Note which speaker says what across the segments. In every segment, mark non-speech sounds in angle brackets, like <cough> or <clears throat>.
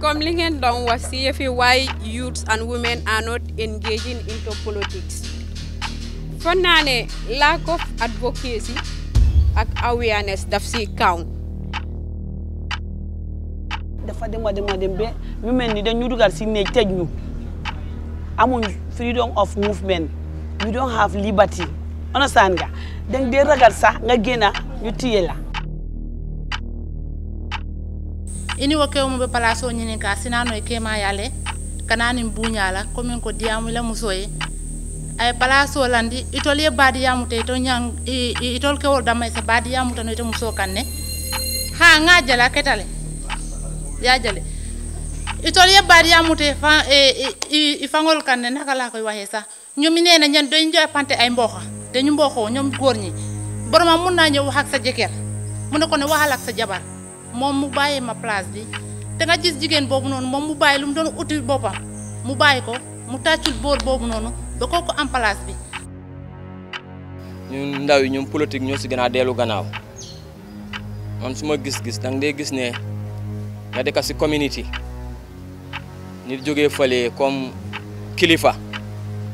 Speaker 1: comme li ngeen doon wax si yëfi why youths and women are not engaging into politics foog naa ne lack of advocacy ak awareness daf si kaw.
Speaker 2: dafa dem a dem a dem ba ñu mel ni dañu dugal si néeg tëj ñu amuñ freedom of movement you don't have liberty understand nga dañ dee ragal sax nga génn ñu téye la.
Speaker 1: ini iniwo kewmuɓe palaso ñinin ka sinano e kema yale kananin buñala komin ko diyamu la muso ye ay palaso landi itol ye badiyamu te ito ñang itol kewol damay sa badiyamu tano ito muso kan ne ha nga jala ketale ya jale itol ye badiyamu te fa e i fangol kan ne nakala koy waxe sa ñomi neena ñan doy njoy pante ay mboxa te ñu mboxo ñom goor ñi mun na ñew wax ak sa jeker mu ne ko ne waxal ak sa jabar moom mu bàyyi ma place bi te nga gis jigéen boobu noonu moom mu bàyyi lu mu doon uti boppam mu bàyyi ko mu tàccul boor boobu noonu ba kooku am place bi.
Speaker 3: ñun ndaw yi ñoom politique ñoo si gën a dellu gannaaw man su ma gis-gis danga dee gis ne nga dëkk si community nit jógee fële comme kilifa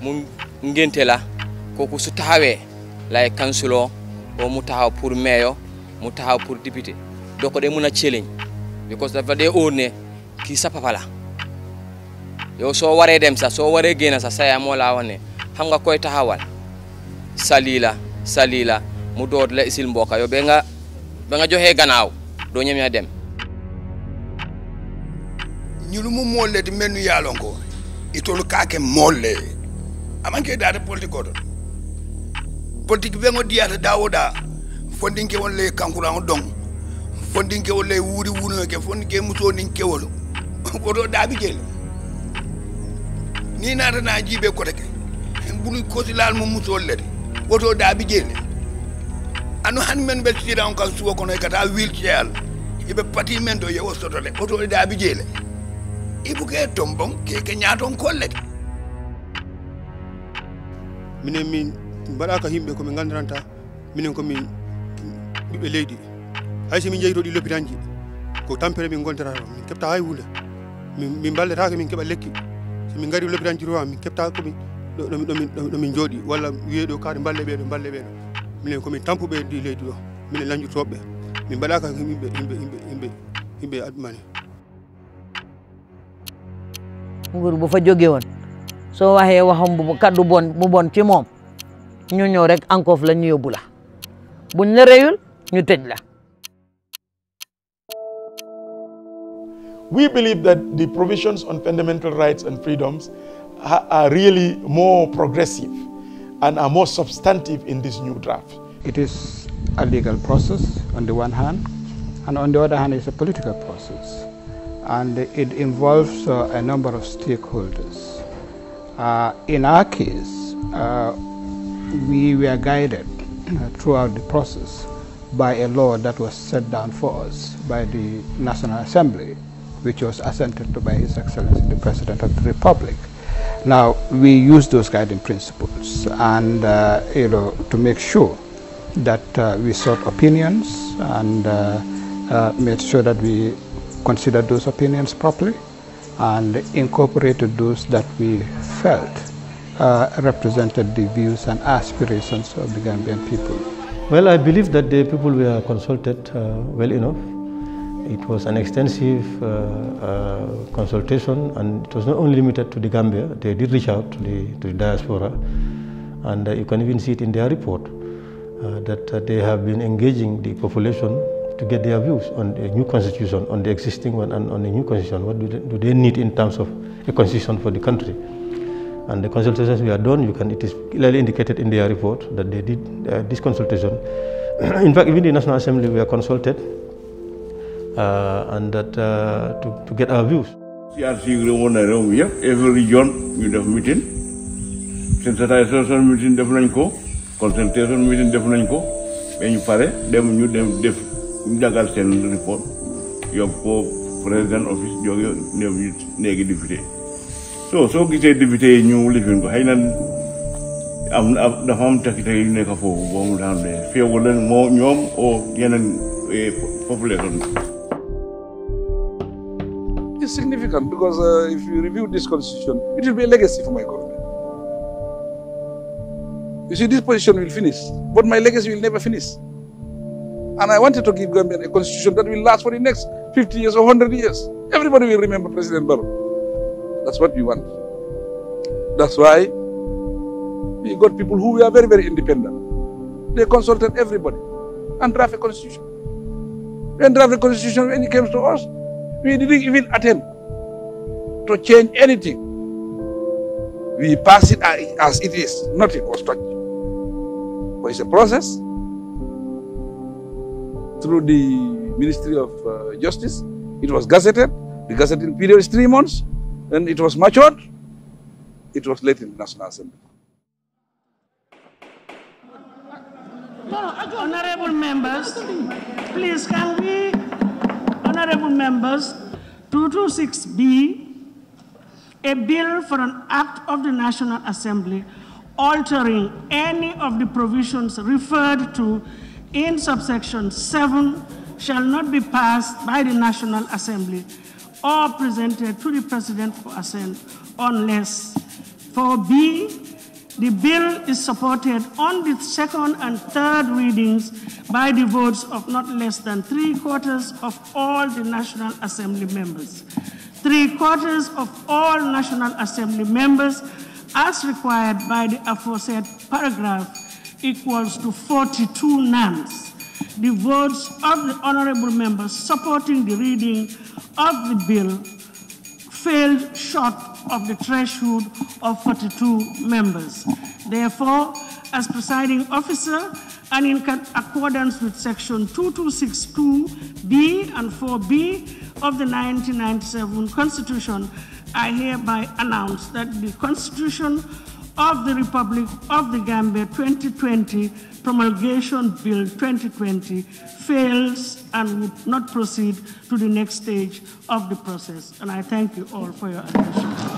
Speaker 3: mu ngénte la kooku su taxawee lay kansuloo oo mu taxaw pour meeyo mu taxaw pour député. doo ko dee mun a challenge because dafa dee óor ne kii sa papa la soo waree dem sa soo waree génn sa yaay moo laa wax ne xam nga koy taxawal salii la mu doot la isil mbooka yow ba nga ba nga joxee gannaaw doo ñemee dem
Speaker 4: ñunu mu molle ti mennu yaalon ko itolu kaake molle amanke daade politique oto politique ɓe ngo diyata dawoɗa fondinke won le kankuraŋo dong fondin fondinkewol ley wuuri wuunoyke fondinke musoo nin kewolo woto daabi jeel ni naatana jiibe kote ke buni kosilaal mo musol lede woto daabi jeel anu han men ɓe sira on kan suwo kono e kata wilceyal eɓe pati men to yewo sotole woto e daabi jeele ibuke ton bon keke
Speaker 5: ñaaton kollete minen min mbaɗaka yimɓe komin gandiranta minen min ɓiɓɓe leydi hay si min di ɗi lopitan ko tampere min gontata toon min keɓta hay hunde min balletake min keba lekki so min gari lopitan ji to min keɓta komin ɗomin jooɗi walla wiye ɗo kaade balle be ɓeeɗo balle be ɓeeɗo minen komin tampuɓe ndi leydi ɗo minen lañjutoɓeɓe min mbaɗaka yimɓe yimɓe yimɓe yimɓe yimɓe adumani
Speaker 6: nguru
Speaker 1: bu fa joge won so waxe waxam bu kaddu bon bu bon ci moom ñu ñëw rek ankof la ñu yóbbu la buñ la reyul ñu tëj la
Speaker 7: We believe that the provisions on fundamental rights and freedoms are really more progressive and are more substantive
Speaker 4: in this new draft. It is a legal process on the one hand, and on the other hand, it's a political process. And it involves uh, a number of stakeholders. Uh, in our case, uh, we were guided uh, throughout the process by a law that was set down for us by the National Assembly which was assented to by His Excellency the President of the Republic. Now, we use those guiding principles and, uh, you know, to make sure that uh, we sought opinions and uh, uh made sure that we considered those opinions properly and incorporated those that we felt uh, represented the views and aspirations of the Gambian people.
Speaker 8: Well, I believe that the people were consulted uh, well enough it was an extensive uh, uh, consultation and it was not only limited to the Gambia, they did reach out to the, to the diaspora and uh, you can even see it in their report uh, that uh, they have been engaging the population to get their views on the new constitution, on the existing one and on the new constitution. What do they, do they need in terms of a constitution for the country? and the consultations we have done, you can, it is clearly indicated in their report that they did uh, this consultation. <clears throat> in fact, even the National Assembly were consulted uh, and that uh, to, to get our views.
Speaker 7: CRC woon na réew mi yëpp every region we have meeting sensitization meeting definitely go, ko consultation meeting def nañ ko ba ñu pare dem ñu dem def ñu dagal send report Your co président office your néew ñu néegi so so soo gisee député yi ñu lifin ko xëy na am dafa am takk yu nekk foofu boo mu daan dee féewal leen moo ñoom oo yeneen eh, population
Speaker 6: important because uh, if you review this constitution, it will be a legacy for my government. You see, this position will finish, but my legacy will never finish. And I wanted to give government a constitution that will last for the next 50 years or 100 years. Everybody will remember President Barrow. That's what we want. That's why we got people who were very, very independent. They consulted everybody and draft a constitution. When draft a constitution, when it came to us, we didn't even attempt to change anything. We pass it as it is, not in construction. But it's a process through the Ministry of uh, Justice. It was gazetted. The gazetting period is three months. Then it was matured. It was led in the National Assembly.
Speaker 2: Honorable members, please can we, honorable members, 226B a bill for an act of the National Assembly altering any of the provisions referred to in subsection 7 shall not be passed by the National Assembly or presented to the President for assent unless for b the bill is supported on the second and third readings by the votes of not less than three quarters of all the National Assembly members three quarters of all National Assembly members, as required by the aforesaid paragraph, equals to 42 nans. The votes of the honorable members supporting the reading of the bill failed short of the threshold of 42 members. Therefore, as presiding officer, and in accordance with section 2262B and 4B of the 1997 Constitution, I hereby announce that the Constitution of the Republic of the Gambia 2020 promulgation bill 2020 fails and would not proceed to the next stage of the process. And I thank you all for your attention.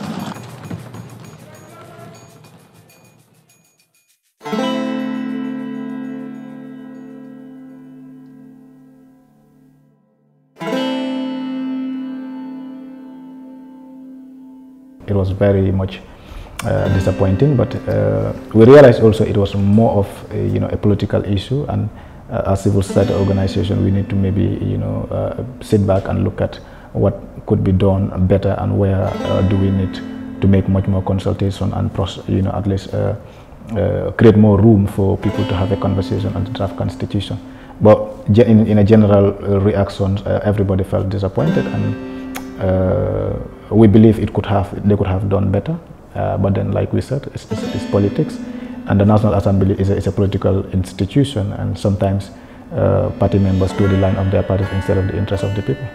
Speaker 5: was
Speaker 4: very much uh, disappointing. But uh, we realized also it was more of a, you know a political issue, and uh, as civil society organization, we need to maybe you know uh, sit back and look at what could be done better and where uh, do we need to make much more consultation and you know at least. Uh, create more room for people to have a conversation on the draft constitution. But in, in a general reaction, everybody felt disappointed and we believe it could have, they could have done better. Uh, but then, like we said, it's, it's, it's politics. And the National Assembly is a, is a political institution, and sometimes uh, party members do the line of their parties instead of the interest of the people.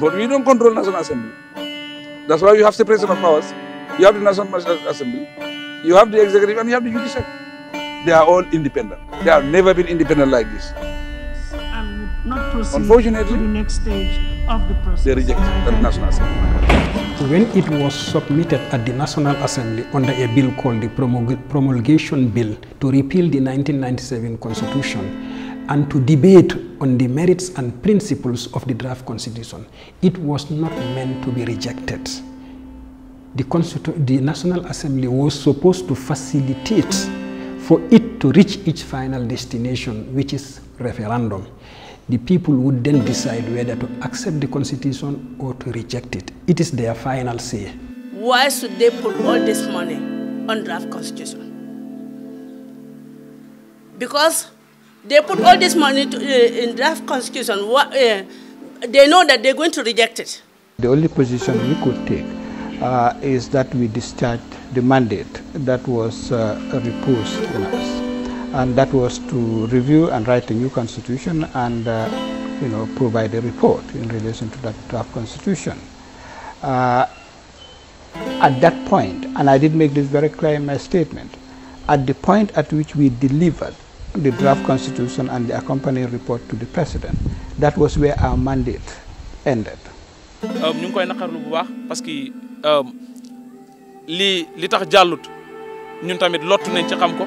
Speaker 6: But we don't control National Assembly. That's why you have separation of powers. You have the National Assembly, you have the executive, and you have the judiciary. They are all independent. They have never been independent like this
Speaker 2: not proceed Unfortunately, to
Speaker 6: the next stage of the process. They rejected the National Assembly.
Speaker 9: When it was submitted at the National Assembly under a bill called the Promulgation Bill to repeal the 1997 Constitution and to debate on the merits and principles of the draft Constitution, it was not meant to be rejected. The, Constitu the National Assembly was supposed to facilitate for it to reach its final destination, which is referendum the people would then decide whether to accept the constitution or to reject it. It is their final say.
Speaker 2: Why should they put all this money on draft constitution? Because they put all this money to, uh, in draft constitution, what, uh, eh, they know that they're going to reject it.
Speaker 4: The only position we could take uh, is that we discharge the mandate that was uh, reposed on us and that was to review and write a new constitution and uh, you know provide a report in relation to that draft constitution. Uh, at that point, and I did make this very clear in my statement, at the point at which we delivered the draft constitution and the accompanying report to the president, that was where our mandate ended.
Speaker 3: Um, um, li li tax jàllut ñun tamit lottu nañ ci xam ko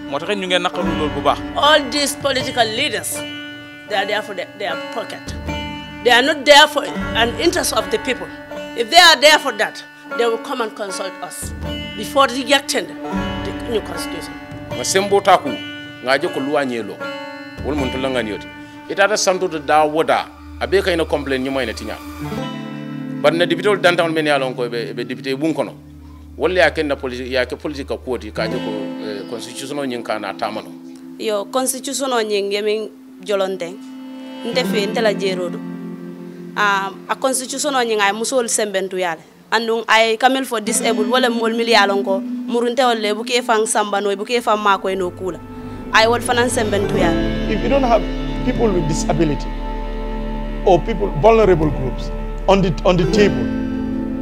Speaker 3: ñu ngeen bu baax.
Speaker 2: all these political leaders they are there for their, their pocket they are not there for an interest of the people if they are there for that they will come and consult us before rejecting the new constitution.
Speaker 3: nga sembo taku nga joko luwanyelo wol mun tala ngani yoti itata santo de da woda abe kayna complain nyuma ina tinya But dibitol dantan men yalon ko be be député wala ya kenda politi ya ke politique kuwoti kaje ko eh, constitution o kana tamano
Speaker 1: yo constitutiono o ñing yemin jolonten nte fe nte la jerodo um, a constitutiono o ñing ay musol sembentu yale andun ay kamil for disable wala mol mil yalon ko murunte wala bu ke fang no bu ke fam mako no kula ay wol fanan sembentu yale
Speaker 7: if you don't have people with disability or people vulnerable groups on the on the table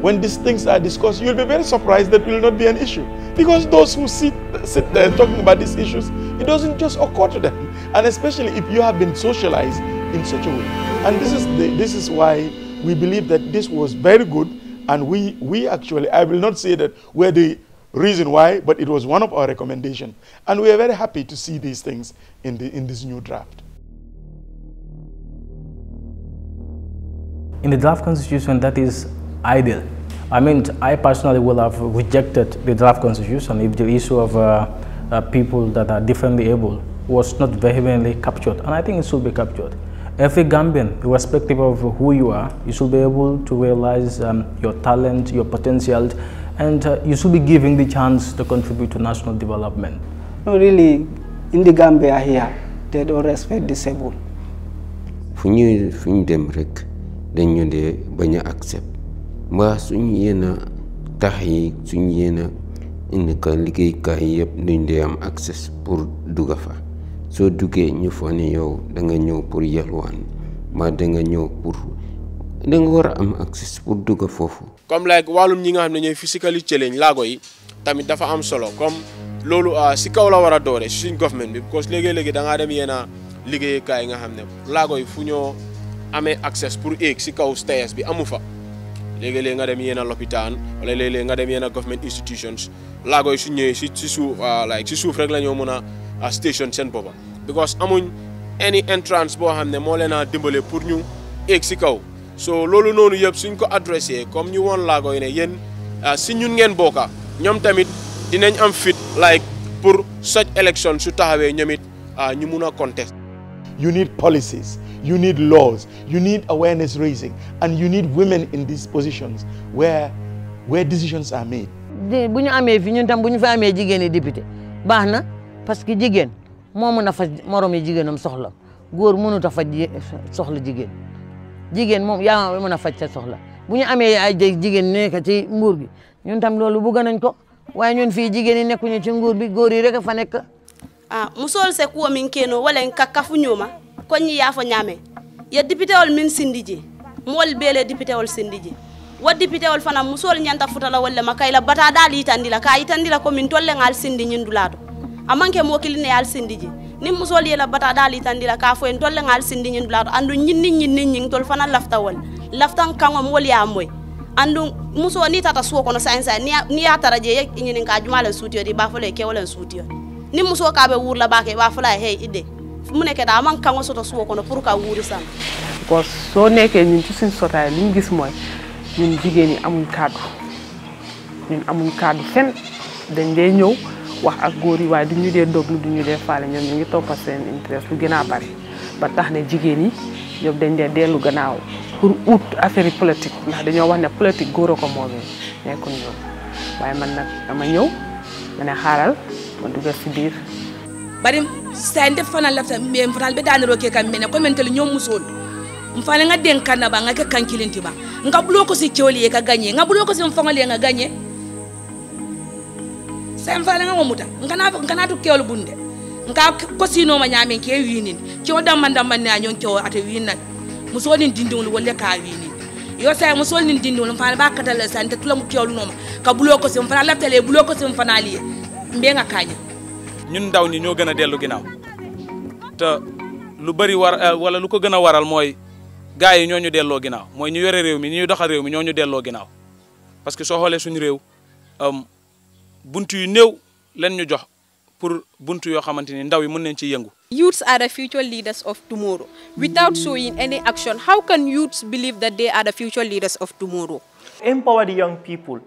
Speaker 7: when these things are discussed, you'll be very surprised that will not be an issue. Because those who sit, sit there talking about these issues, it doesn't just occur to them. And especially if you have been socialized in such a way. And this is, the, this is why we believe that this was very good. And we, we actually, I will not say that we're the reason why, but it was one of our recommendations. And we are very happy to see these things in, the, in this new draft.
Speaker 3: In the draft constitution that is ideal. I mean, I personally will have rejected the draft constitution if the issue of uh, uh, people that are differently able was not vehemently captured, and I think it should be captured. Every Gambian, irrespective of who you are, you should be able to realize um, your talent, your potential, and uh, you should be given the chance to contribute to national development.
Speaker 4: No, really, in the Gambia here, they don't respect disabled.
Speaker 9: When you, when them, they accept. ba sun yana tahi sun yana ina ka ligai ka yep din da access pour duga fa so duge ñu fone yow da nga ñew pour yalwan ma da nga ñew pour da nga wara am access pour duga fofu
Speaker 3: comme like walum ñi nga xamne ñoy physically challenge lago yi tamit dafa am solo comme lolu ah, si kaw la wara doore suñ government bi because legé legé da nga dem yena liggéey kay nga xamne lago yi fu ñoo amé access pour ek si kaw bi amu fa léegi-léeg nga dem yenn lopitaan wala léeg-léeg nga dem yenn government institutions laago yi su ñëwee si si suuf ah, like si suuf rek la ñoo mën a station seen boppa because amuñ any entrance boo xam ne moo leen a dimbale pour ñu eeg si kaw so loolu noonu yëpp suñ ko adressé comme ñu woon laago yi ne yéen ah, si ñun ngeen bokka ñoom tamit dinañ am fit like pour such election su taxawee ñoom it ah, ñu mun a contest
Speaker 7: you need policies you need laws, you need awareness raising, and you need women in these positions where decisions are made.
Speaker 2: bu ñu amee
Speaker 1: fi ñun tam bu ñu fa amee jigéen yi député baax na parce que jigéen moo mën a faj morom yi jigéenam soxla góor mënut a faj soxla jigéen jigéen moom yaa mën a faj sa soxla bu ñu amee ay jigéen nekk ci nguur gi ñun tam loolu bëgg nañ ko waaye ñun fii jigéen yi nekkuñu ci bi góor yi rek a fa nekk. ah musol se kuwo min keno wala kakafu ñuma fa yaafo ya député wol min sindi je mool député wol sindi je wo wol fana musol ñanta futala wolle ma kayla bata daal yitandila ka yitandila ko min tolle ngal sindi ñindulato amanke mo kiline yaal sindi je ni musol yela bata daal yitandila ka fo en tolle ngal sindi ñindulato andu ñinni ñinni ñing tol fana lafta wol laftan kangom wol ya moy andu muso ni tata suwo kono sayin sayin ni ya tara je ñinin ka jumalen di ba fo le kewolen suutiyodi ni muso ka be wurla ba ke ba fo la hey ide mu nekkee daa man kango soto suwo kono pour ka wuuri sam
Speaker 2: because soo nekkee ñun ci suñ sotaay li ñu gis mooy ñun jigéen ñi amuñ kàddu ñun amuñ kàddu fen dañ dee ñëw wax ak góor yi waaye du ñu dee doglu du ñu dee faale ñoom ñu ngi toppa seen intérêt lu gën a bari ba tax ne jigéen yi ñoom dañ dee dellu gannaaw pour ut affaire yi politique ndax dañoo wax ne politique góor a ko moomee nekkul ñoom waaye man nag dama ñëw ma ne ma dugal si biir
Speaker 1: bari sande fana lafta be fana be daniro ke kam mena ko men tel nyom musol mfana nga den kana ba nga ke kankilin tiba nga bulo ko si cioli ka ganye nga bulo ko si mfangole nga ganye sen fana nga muta nga na nga na to keol bunde nga ko si no ma nyamen ke winin ci o dam mandam man na nyon ke o ate winna musolin dindul wolle ka winin yo sa musolin dindul mfana ba katala sante tulam keol no ma ka bulo ko si mfana laftale bulo ko si mfana liye mbe nga kanya
Speaker 3: ñun ndaw ñi ñoo gën a dellu ginaaw te lu bëri war eh, wala lu ko gën a waral mooy gars yi ñoo ñu delloo ginnaaw mooy ñu yore réew mi ñu doxal réew mi ñoo ñu delloo ginaaw parce que soo xoolee suñu réew bunt yu néew leen ñu jox pour buntu yoo xamante ni ndaw yi mën nañ ci yëngu.
Speaker 1: Youths are the future leaders of tomorrow. Without showing any action, how can youths believe that they are the
Speaker 2: future leaders of tomorrow? Empower the young people.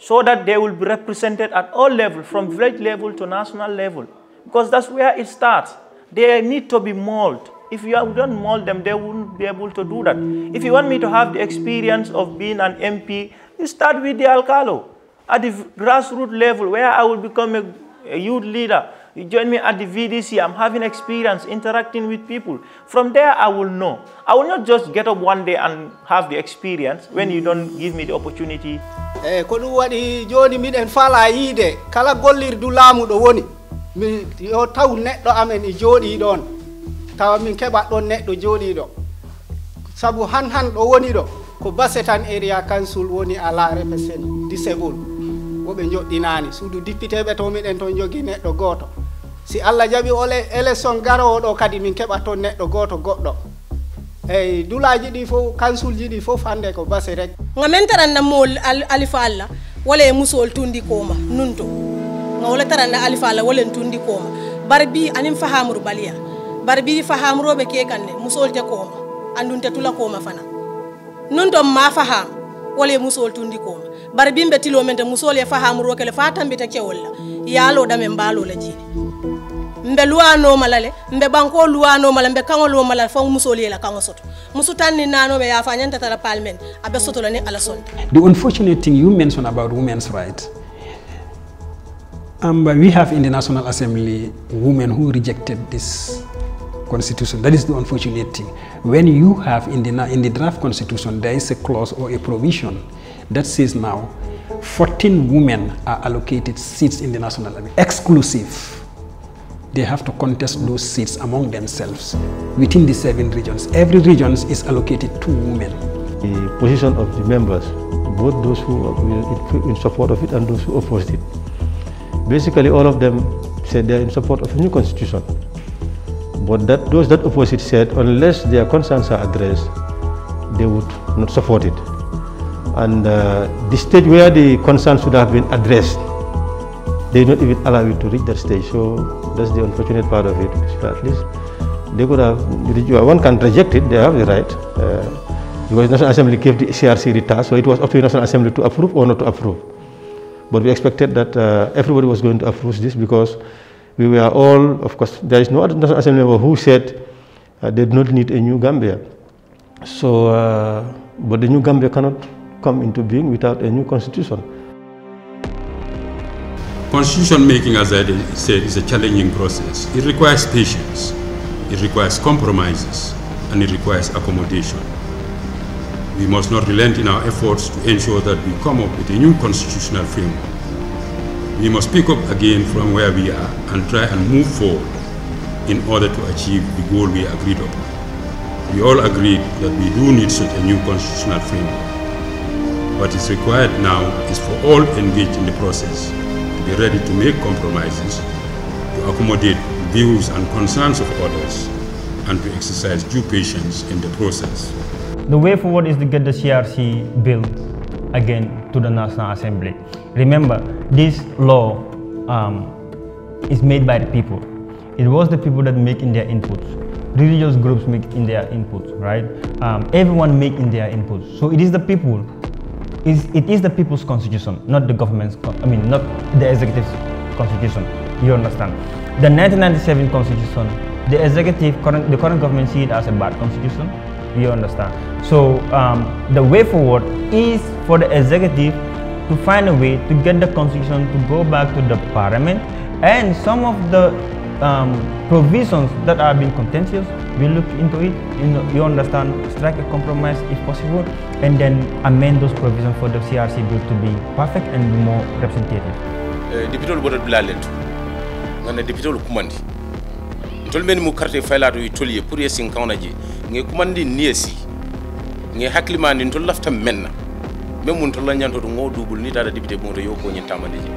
Speaker 2: so that they will be represented at all levels, from village level to national level, because that's where it starts. They need to be molded. If you don't mold them, they would not be able to do that. If you want me to have the experience of being an MP, you start with the Alcalo at the grassroots level, where I will become a, a youth leader You join me at the VDC. I'm having experience interacting with people. From there, I will know. I will not just get up one day and have the experience when you don't give me the opportunity. Eh, kono ɗum waɗi joni miɗen fala yiide
Speaker 4: kala du lamu do woni mi yo taw neɗɗo amen e jooɗi ɗon tawa min keɓat ɗon neɗɗo do. sabu han han ɗo woni do. ko basetan area council woni ala represent disable woɓe joɗɗinani suudu dippiteɓe to miɗen ton jogui neɗɗo goto si allah jaɓi ole élection garowoɗo
Speaker 2: kadi min keɓa toon neɗɗo goto goɗɗo eyi dulaji ɗi fof kansulji ɗi fof hannde ko base rek ga min taranna mool alifa allah wala e musowol tundi kooma nun
Speaker 1: to ga wala taranna alifa allah wala tundi kooma bar bi anin fahamuru baliya bar bi fahamuroɓe kekan ne musowol te kooma andunte tula koma fana nun ton ma faham wala e musowol tundi kooma bar bimɓe tilo men te musowol e fahamurokele fa tambita kewol la yaaloɗamen mbalola jiiɗi mbe mbe banko mbe la soto ni be tara soto
Speaker 9: ala the unfortunate thing you mention about women's rights, um, we have in the national assembly women who rejected this constitution. That is the unfortunate thing. When you have in the, in the draft constitution, there is a clause or a provision that says now 14 women are allocated seats in the national assembly, exclusive they have to contest those seats among themselves within the seven regions. Every
Speaker 8: region is allocated two women. The position of the members, both those who were in support of it and those who opposed it, basically all of them said they are in support of a new constitution. But that, those that oppose it said unless their concerns are addressed, they would not support it. And uh, the stage where the concerns should have been addressed, they did not even allow it to reach that stage. So that's the unfortunate part of it. at least they could have, one can reject it, they have the right. Uh, because National Assembly gave the CRC the task, so it was up to the National Assembly to approve or not to approve. But we expected that uh, everybody was going to approve this because we were all, of course, there is no other National Assembly member who said uh, they did not need a new Gambia. So, uh, but the new Gambia cannot come into being without a new constitution.
Speaker 10: Constitution making, as I said, is a challenging process. It requires patience, it requires compromises, and it requires accommodation. We must not relent in our efforts to ensure that we come up with a new constitutional framework. We must pick up again from where we are and try and move forward in order to achieve the goal we agreed upon. We all agreed that we do need such a new constitutional framework. What is required now is for all engaged in the process be ready to make compromises, to accommodate views and concerns of others, and to exercise due patience in the process.
Speaker 8: The way forward is to get the CRC bill again to the National Assembly. Remember, this law um, is made by the people. It was the people that make in their inputs religious groups make in their inputs, right? Um, everyone make in their inputs. So it is the people is it is the people's constitution, not the government's. I mean, not the executive's constitution. You understand? The 1997 constitution, the executive current, the current government see it as a bad constitution. You understand? So um, the way forward is for the executive to find a way to get the constitution to go back to the parliament, and some of the um, provisions that have been contentious, we look into it, you, know, you understand, strike a compromise if possible, and then amend those provisions for the CRC bill to be perfect and be more representative.
Speaker 3: Eh, dipitol bodat bilalet ngana dipitol kumandi tol men mu carte faylaato yi tolye pour yesin kawna je nge kumandi niesi nge haklimandi tol lafta menna men mun tol la nyanto to ngo dubul ni tata député bon to yo ko nyen tamande je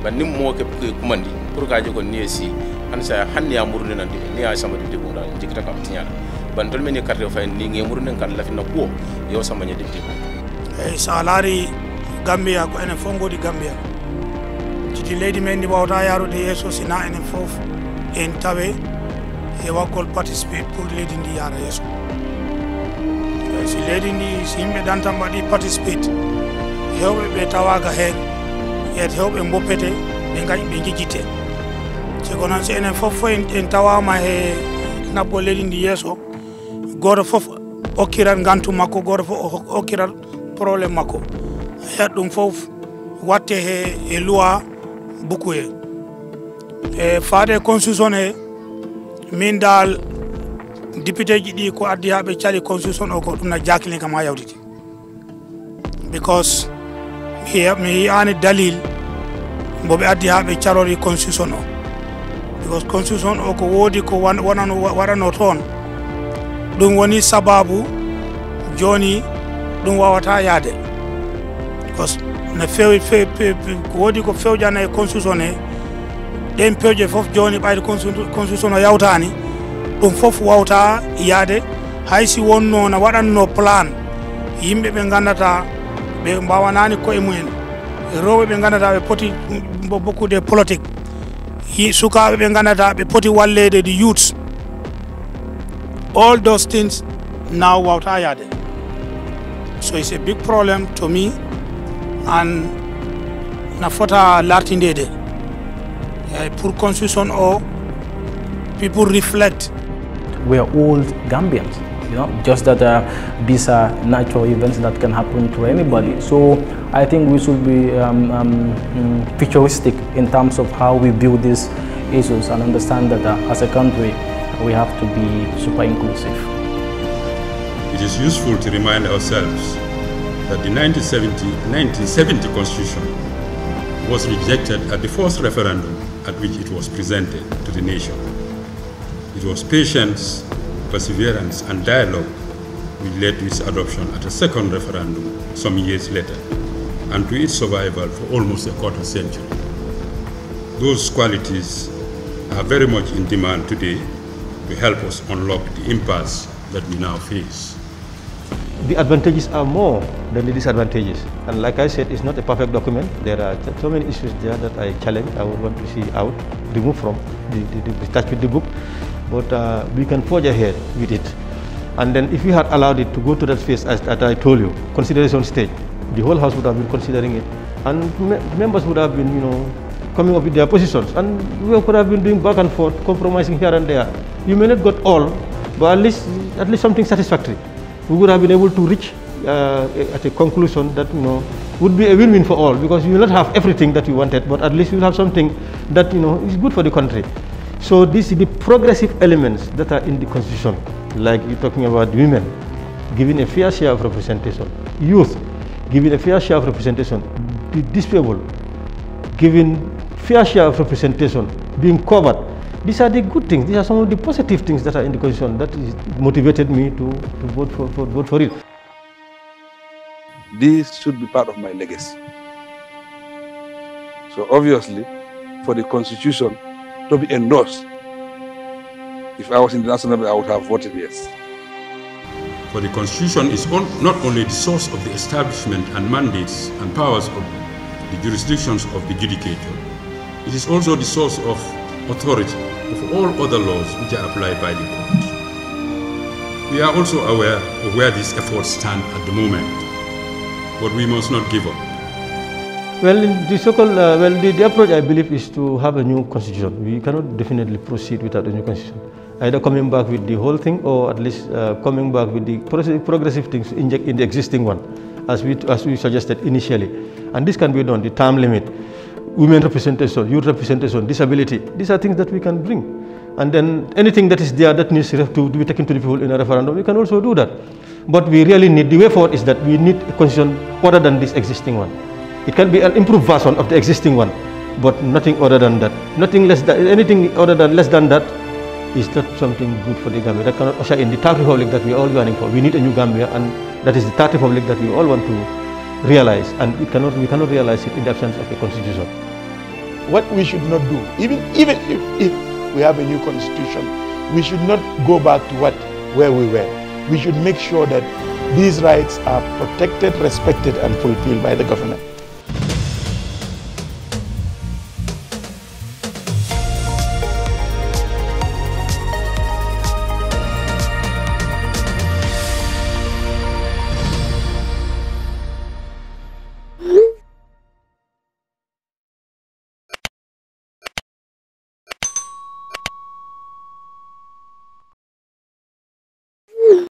Speaker 3: nka ni mɔgɔ kɛ kuma di pour k'a je ni ye si hani sa hanni ya muru na ndi ni ya sama di ko da jikita ka tinya ban tol meni karde fa ni ngi muru kan lafi na ko yo sama nya di ko
Speaker 5: eh salari gambia ko ene fongo di gambia titi leydi men e e ndi wawta yarude yeeso eh, sina enen fof en tawe e waggol participé pour leydi ndi yaara yeeso si leydi ndi so yimɓe dantan mbaɗi participate hewɓe ɓe tawaga heen yetewɓe boppete ɓe gañ ɓe jejjite siko noon eh, so enen foof fof en tawama e nabbo leydi ndi yesso goto foof hokkirat gantu makko goto o hokkirat probléme makko heyat ɗum foof watte he e eh, loi buku he e eh, faade constitution he min dal député ji ɗi ko addi haɓe cali constitution o ko ɗum na jakilin kam ha yawtiti because mi yiyani dalil mo ɓe addi ha ɓe carori constitution o because constitution o ko woodi ko waɗano toon ɗum woni sababu joni ɗum wawata yaade because no fewi woodi ko fewjana e constitution he ɗen pewje fof joni ɓayde constitution o yawtani ɗum fof wawta yaade hay wonno no waɗanno plan yimɓe ɓe gandata mbawanani koye mumen poti politique sukaɓe poti wallede youths all those things now wawta yaade so it's a big problem to me and na fota lartindede eh, pour constitution o people reflect
Speaker 3: we are old gambians you know just that uh, these are natural events that can happen to anybody so i think we should be um, um, mm, futuristic in terms of how we view these issues and understand that uh, as a country we have to
Speaker 10: be super inclusive it is useful to remind ourselves that the 1970, 1970 constitution was rejected at the first referendum at which it was presented to the nation. It was patience perseverance, and dialogue which led to its adoption at a second referendum some years later, and to its survival for almost a quarter century. Those qualities are very much in demand today to help us unlock the impasse that we now face.
Speaker 8: The advantages are more than the disadvantages. And like I said, it's not a perfect document. There are so many issues there that I challenge, I would want to see out, remove from the, the, the, the book but uh, we can forge ahead with it. And then if we had allowed it to go to that phase, as, as I told you, consideration stage, the whole House would have been considering it. And me members would have been, you know, coming up with their positions. And we could have been doing back and forth, compromising here and there. You may not got all, but at least, at least something satisfactory. We would have been able to reach uh, at a conclusion that, you know, would be a win-win for all because you will not have everything that you wanted, but at least you'll have something that, you know, is good for the country. So these is the progressive elements that are in the constitution, like you're talking about women, giving a fair share of representation, youth, giving a fair share of representation, the disabled, giving fair share of representation, being covered. These are the good things. These are some of the positive things that are in the constitution that motivated me to, to vote, for, for, vote for it.
Speaker 6: This should be part of my legacy. So obviously, for the constitution, to be endorsed. If I was in the national level, I would have voted yes.
Speaker 10: For the Constitution is on, not only the source of the establishment and mandates and powers of the jurisdictions of the judicature, it is also the source of authority of all other laws which are applied by the court. We are also aware of where these efforts stand at the moment, but we must not give up.
Speaker 8: Well, the so-called, uh, well, the, the, approach I believe is to have a new constitution. We cannot definitely proceed without a new constitution. Either coming back with the whole thing, or at least uh, coming back with the progressive things in the, in the existing one, as we as we suggested initially. And this can be done. The time limit, women representation, youth representation, disability. These are things that we can bring. And then anything that is there that needs to be taken to the people in a referendum, we can also do that. But we really need the way forward is that we need a constitution other than this existing one. It can be an improved version of the existing one, but nothing other than that. Nothing less than anything other than less than that is not something good for the Gambia. That cannot usher in the third republic that we are all yearning for. We need a new Gambia, and that is the third republic that we all want to realize. And we cannot, we cannot realize it in the absence of a constitution.
Speaker 7: What we should not do, even even if, if we have a new constitution, we should not go back to what where we were. We should make sure that these rights are protected, respected, and fulfilled by the government.